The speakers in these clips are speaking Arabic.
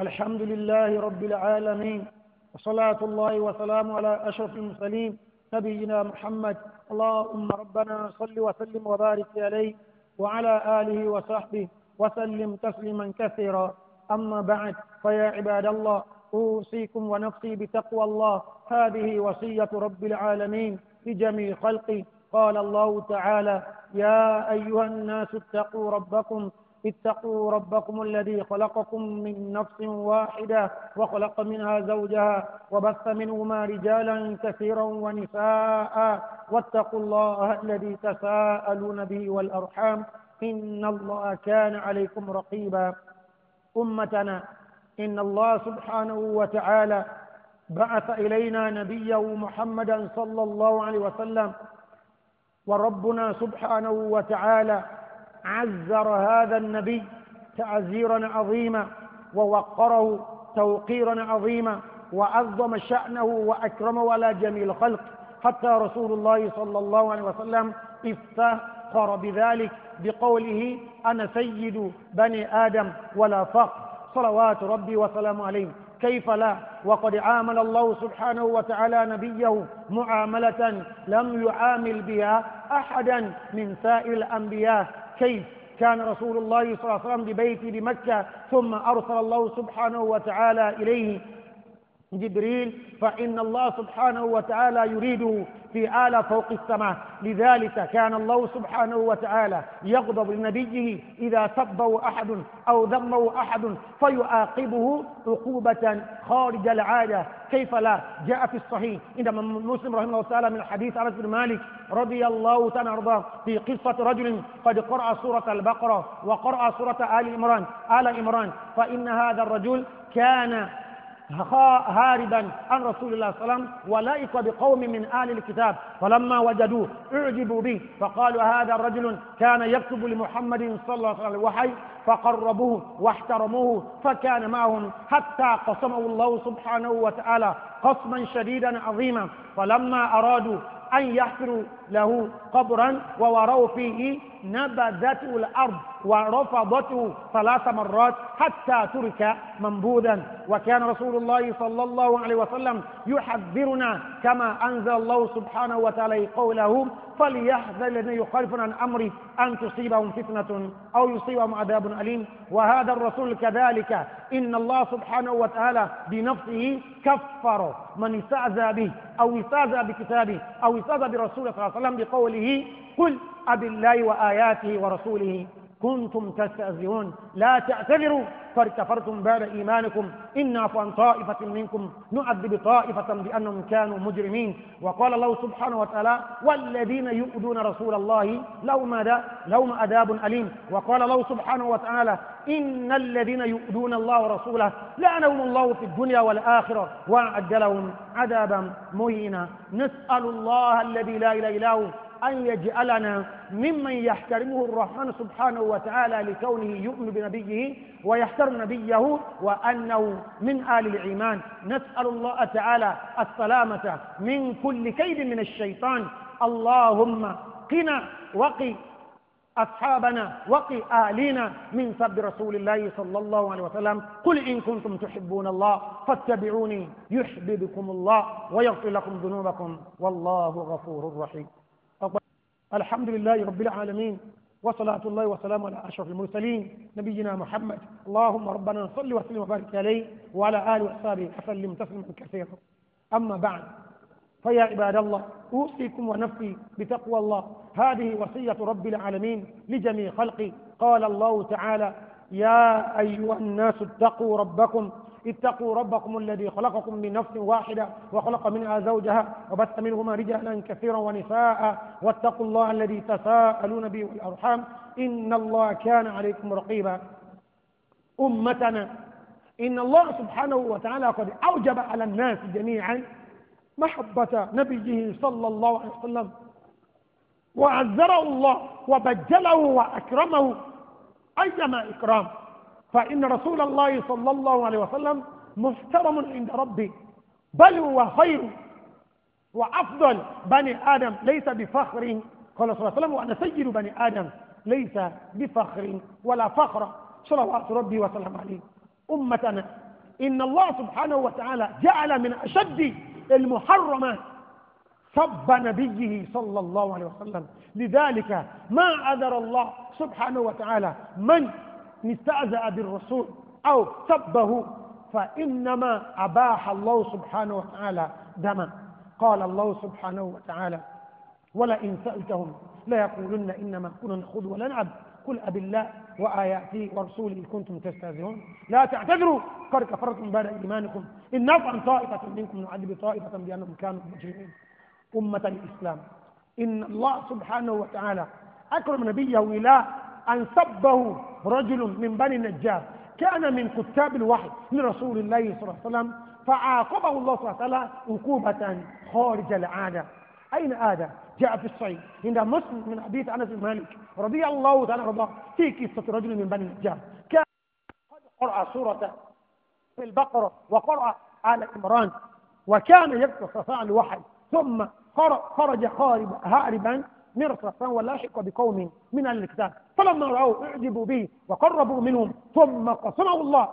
الحمد لله رب العالمين وصلاة الله وسلام على أشرف المرسلين نبينا محمد اللهم ربنا صل وسلم وبارك عليه وعلى آله وصحبه وسلم تسليما كثيرا أما بعد فيا عباد الله أوصيكم ونفسي بتقوى الله هذه وصية رب العالمين لجميع خلقه قال الله تعالى يا أيها الناس اتقوا ربكم اتقوا ربكم الذي خلقكم من نفس واحدة وخلق منها زوجها وبث منهما رجالا كثيرا ونساء واتقوا الله الذي تساءلون به والأرحام إن الله كان عليكم رقيبا أمتنا إن الله سبحانه وتعالى بعث إلينا نبيه محمدا صلى الله عليه وسلم وربنا سبحانه وتعالى عزر هذا النبي تعزيرا عظيما ووقره توقيرا عظيما وعظم شأنه وأكرمه ولا جميل الخلق حتى رسول الله صلى الله عليه وسلم افتخر بذلك بقوله أنا سيد بني آدم ولا فقر صلوات ربي وسلامه عليه كيف لا وقد عامل الله سبحانه وتعالى نبيه معاملة لم يعامل بها أحدا من سائر الأنبياء كيف كان رسول الله صلى الله عليه وسلم ببيتي بمكة ثم أرسل الله سبحانه وتعالى إليه جبريل فإن الله سبحانه وتعالى يريده في أعلى فوق السماء لذلك كان الله سبحانه وتعالى يغضب لنبيه إذا سبه أحد أو ذمه أحد فيعاقبه عقوبة خارج العادة كيف لا جاء في الصحيح عندما مسلم رحمه الله تعالى من حديث أنس بن مالك رضي الله تعالى عنه في قصة رجل قد قرأ سورة البقرة وقرأ سورة آل عمران آل عمران فإن هذا الرجل كان هاربا عن رسول الله صلى الله عليه وسلم ولئك بقوم من آل الكتاب فلما وجدوه اعجبوا به فقالوا هذا الرجل كان يكتب لمحمد صلى الله عليه وسلم الوحي فقربوه واحترموه فكان معهم حتى قسمه الله سبحانه وتعالى قسما شديدا عظيما فلما أرادوا أن يحفروا له قبرا ووروا فيه نبذته الأرض ورفضته ثلاث مرات حتى ترك منبوذا وكان رسول الله صلى الله عليه وسلم يحذرنا كما أنزل الله سبحانه وتعالى قوله فليحذر الذين يخالفون عن أمري أن تصيبهم فتنة أو يصيبهم عذاب أليم وهذا الرسول كذلك إن الله سبحانه وتعالى بنفسه كفر من استعزى به أو استعزى بكتابه أو استعزى برسوله صلى الله عليه وسلم وسلم بقوله قل أب الله وآياته ورسوله كنتم تستأذنون لا تعتذروا قد كفرتم بعد إيمانكم إن عفوا عن طائفة منكم نعذب طائفة بأنهم كانوا مجرمين وقال الله سبحانه وتعالى والذين يؤذون رسول الله لهم ماذا لهم أداب أليم وقال الله سبحانه وتعالى إن الذين يؤذون الله ورسوله لعنهم الله في الدنيا والآخرة وأعد لهم عذابا مهينا نسأل الله الذي لا إله إلا هو أن يجعلنا ممن يحترمه الرحمن سبحانه وتعالى لكونه يؤمن بنبيه ويحترم نبيه وأنه من آل الإيمان نسأل الله تعالى السلامة من كل كيد من الشيطان اللهم قنا وقي أصحابنا وقي آلينا من سب رسول الله صلى الله عليه وسلم قل إن كنتم تحبون الله فاتبعوني يحببكم الله ويغفر لكم ذنوبكم والله غفور رحيم الحمد لله رب العالمين وصلاة الله وسلام على أشرف المرسلين نبينا محمد اللهم ربنا صل وسلم وبارك عليه وعلى آله وأصحابه وسلم تسليما كثيرا أما بعد فيا عباد الله أوصيكم ونفسي بتقوى الله هذه وصية رب العالمين لجميع خلقي قال الله تعالى يا أيها الناس اتقوا ربكم اتقوا ربكم الذي خلقكم من نفس واحدة وخلق منها زوجها وبث منهما رجالا كثيرا ونساء واتقوا الله الذي تساءلون به والأرحام إن الله كان عليكم رقيبا أمتنا إن الله سبحانه وتعالى قد أوجب على الناس جميعا محبة نبيه صلى الله عليه وسلم وعذره الله وبجله وأكرمه أيما إكرام فإن رسول الله صلى الله عليه وسلم محترم عند ربي بل هو خير وأفضل بني آدم ليس بفخر قال صلى الله عليه وسلم وأنا سيد بني آدم ليس بفخر ولا فخر صلوات ربي وسلم عليه أمتنا إن الله سبحانه وتعالى جعل من أشد المحرمة سب نبيه صلى الله عليه وسلم لذلك ما عذر الله سبحانه وتعالى من استأذى بالرسول أو سبه فإنما أباح الله سبحانه وتعالى دما قال الله سبحانه وتعالى ولئن سألتهم ليقولن إنما كنا نخوض ولنعب قل أب الله وآياته ورسوله كنتم تستهزئون لا تعتذروا قد كفرتم بعد إيمانكم إن نفعا طائفة منكم نعذب طائفة بأنهم كانوا مجرمين أمة الإسلام إن الله سبحانه وتعالى أكرم نبيه إلى أن سبه رجل من بني النجار كان من كتاب الوحي من رسول الله صلى الله عليه وسلم فعاقبه الله صلى الله عليه وسلم عقوبة خارج العادة أين هذا؟ جاء في الصحيح عند مسلم من حديث أنس بن مالك رضي الله تعالى رضاه في قصة رجل من بني النجار كان قد قرأ سورة في البقرة وقرأ آل عمران وكان يقرأ صفاء الوحي ثم خرج هاربا من رسول ولاحق بقوم من أهل الكتاب فلما رأوا اعجبوا به وقربوا منهم ثم قسمه الله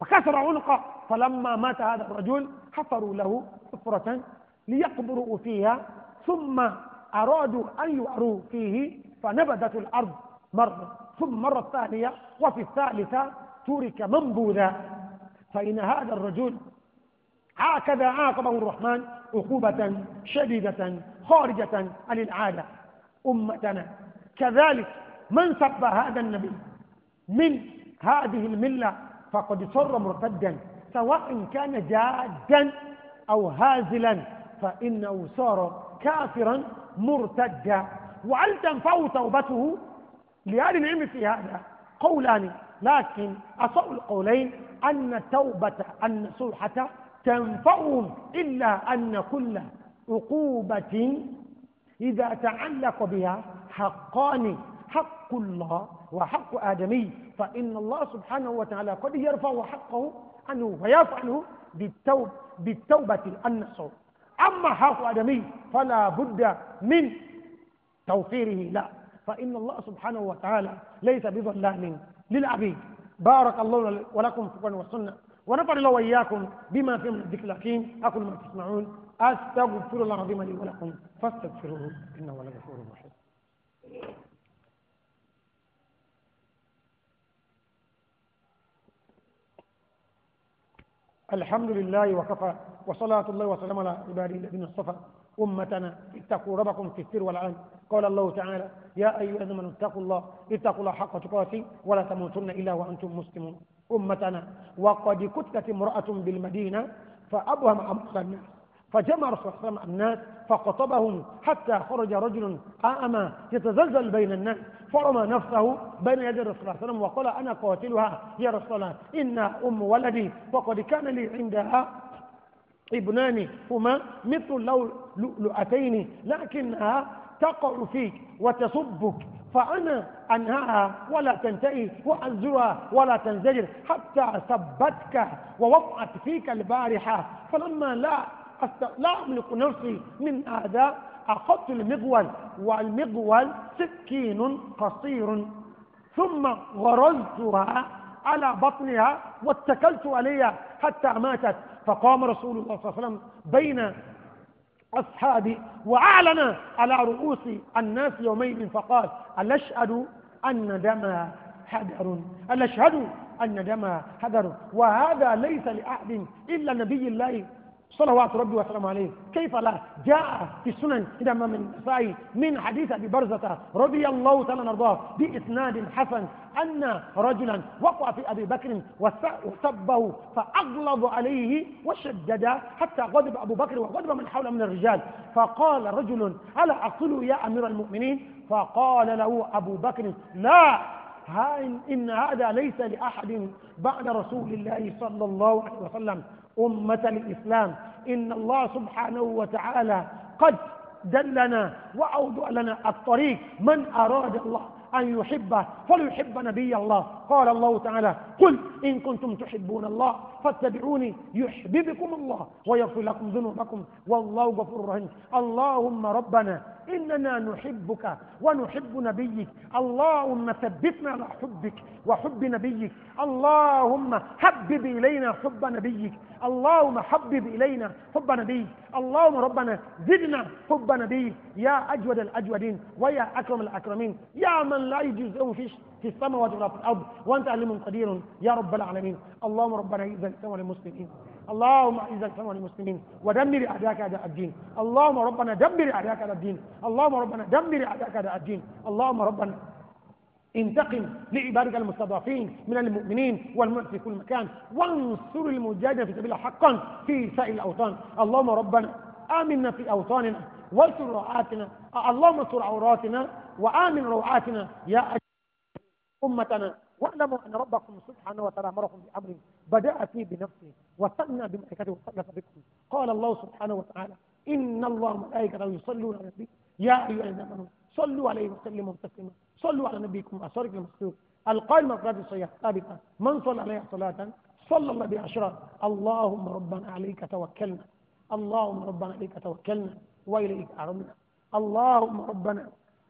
فكسر عنقه فلما مات هذا الرجل حفروا له حفرة ليقبروا فيها ثم أرادوا أن يعروا فيه فنبذت الأرض مرة ثم مرة ثانية وفي الثالثة ترك منبوذا فإن هذا الرجل هكذا عاقبه الرحمن عقوبة شديدة خارجة عن العادة أمتنا كذلك من سب هذا النبي من هذه الملة فقد صر مرتدا سواء كان جادا أو هازلا فإنه صار كافرا مرتدا وهل تنفع توبته لأهل العلم في هذا قولان لكن أصول القولين أن التوبة أن الصلحة تنفعهم إلا أن كل عقوبة إذا تعلق بها حقان حق الله وحق آدمي فإن الله سبحانه وتعالى قد يرفع حقه عنه ويفعله بالتوب بالتوبة النصر أما حق آدمي فلا بد من توفيره لا فإن الله سبحانه وتعالى ليس بظلام للعبيد بارك الله ولكم في القرآن والسنة ونفر الله وإياكم بما فيه من الذكر الحكيم أقول ما تسمعون أستغفر الله العظيم لي ولكم فاستغفروه إنه لغفور رحيم الحمد لله وكفى وصلاة الله وسلم على عباده الذين اصطفى أمتنا اتقوا ربكم في السر والعلن قال الله تعالى يا أيها الذين آمنوا اتقوا الله اتقوا الله حق تقاته ولا تموتن إلا وأنتم مسلمون أمتنا وقد كتلت امرأة بالمدينة فأبهم أمر الناس فجمع الرسول صلى الله عليه وسلم الناس فقطبهم حتى خرج رجل أعمى يتزلزل بين الناس فرمى نفسه بين يدي الرسول صلى الله عليه وسلم وقال أنا قاتلها يا رسول الله إن أم ولدي وقد كان لي عندها ابنان هما مثل لو لؤلؤتين لكنها تقع فيك وتصبك فأنا أنهاها ولا تنتهي وأزرها ولا تنزجر حتى سبتك ووقعت فيك البارحة فلما لا لا أملك نفسي من هذا أخذت المغول والمغول سكين قصير ثم غرزتها على بطنها واتكلت عليها حتى ماتت فقام رسول الله صلى الله عليه وسلم بين أصحابي وأعلن على رؤوس الناس يومئذ فقال ألا اشهد أن دمها حذر ألا اشهد أن دمها حذر وهذا ليس لأحد إلا نبي الله صلوات ربي وسلامه عليه كيف لا جاء في السنن إذا ما من سعي من حديث أبي برزة رضي الله تعالى نرضاه بإسناد حسن أن رجلا وقع في أبي بكر وسبه فأغلظ عليه وشدد حتى غضب أبو بكر وغضب من حوله من الرجال فقال رجل ألا أقتله يا أمير المؤمنين فقال له أبو بكر لا إن هذا ليس لأحد بعد رسول الله صلى الله عليه وسلم أمة الإسلام إن الله سبحانه وتعالى قد دلنا وأوضع لنا الطريق من أراد الله أن يحبه فليحب نبي الله قال الله تعالى قل إن كنتم تحبون الله فاتبعوني يحببكم الله ويغفر لكم ذنوبكم والله غفور رحيم اللهم ربنا إننا نحبك ونحب نبيك اللهم ثبتنا على حبك وحب نبيك اللهم حبب إلينا حب نبيك اللهم حبب إلينا حب نبيك اللهم ربنا زدنا حب نبيك يا أجود الأجودين ويا أكرم الأكرمين يا من لا يجزئه في في السماوات ولا في الأرض وأنت علم قدير يا رب العالمين اللهم ربنا اعز سوى المسلمين اللهم اعز الاسلام والمسلمين ودمر اعداءك اعداء الدين اللهم ربنا دمر اعداءك اعداء الدين اللهم ربنا دمر اعداءك اعداء الدين اللهم ربنا انتقم لعبادك المستضعفين من المؤمنين والمؤمنين في كل مكان وانصر المجاهدين في سبيل حقا في سائر الاوطان اللهم ربنا امنا في اوطاننا واستر روعاتنا اللهم استر عوراتنا وامن روعاتنا يا امتنا واعلموا أن ربكم سبحانه وتعالى أمركم بأمر بدأ فيه بنفسه وثنى بملائكته وثلث بكم قال الله سبحانه وتعالى إن الله ملائكته يصلون على النبي يا أيها الذين آمنوا صلوا عليه وسلموا تسليما صلوا على نبيكم اشرك المسلوب القائمة في هذه الصيحة ثابتة من صلى عليها صلاة صلى الله بعشرة اللهم ربنا عليك توكلنا اللهم ربنا عليك توكلنا وإليك أعرمنا اللهم ربنا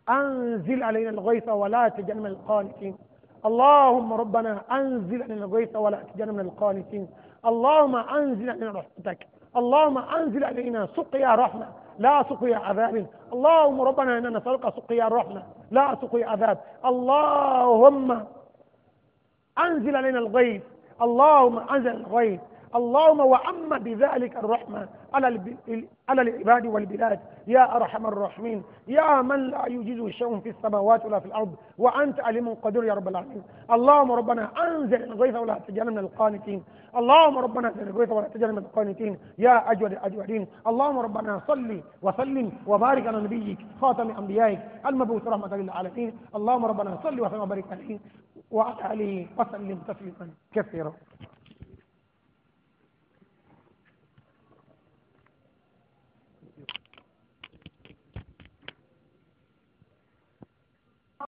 أنزل علينا الغيث ولا تجعلنا من القانتين اللهم ربنا أنزل علينا الغيث ولا تجعلنا من القانتين اللهم أنزل علينا رحمتك اللهم أنزل علينا سقيا رحمة لا سقيا عذاب اللهم ربنا إننا نسألك سقيا رحمة لا سقيا عذاب اللهم أنزل علينا الغيث اللهم أنزل الغيث اللهم وعم بذلك الرحمة على على العباد والبلاد يا أرحم الراحمين يا من لا يجيز شيء في السماوات ولا في الأرض وأنت عليم قدير يا رب العالمين اللهم ربنا أنزل الغيث ولا تجعل من القانتين اللهم ربنا أنزل الغيث ولا تجعل من القانتين يا أجود الأجودين اللهم ربنا صل وسلم وبارك على نبيك خاتم أنبيائك المبعوث رحمة للعالمين اللهم ربنا صل وسلم وبارك عليه وعلى آله وسلم تسليما كثيرا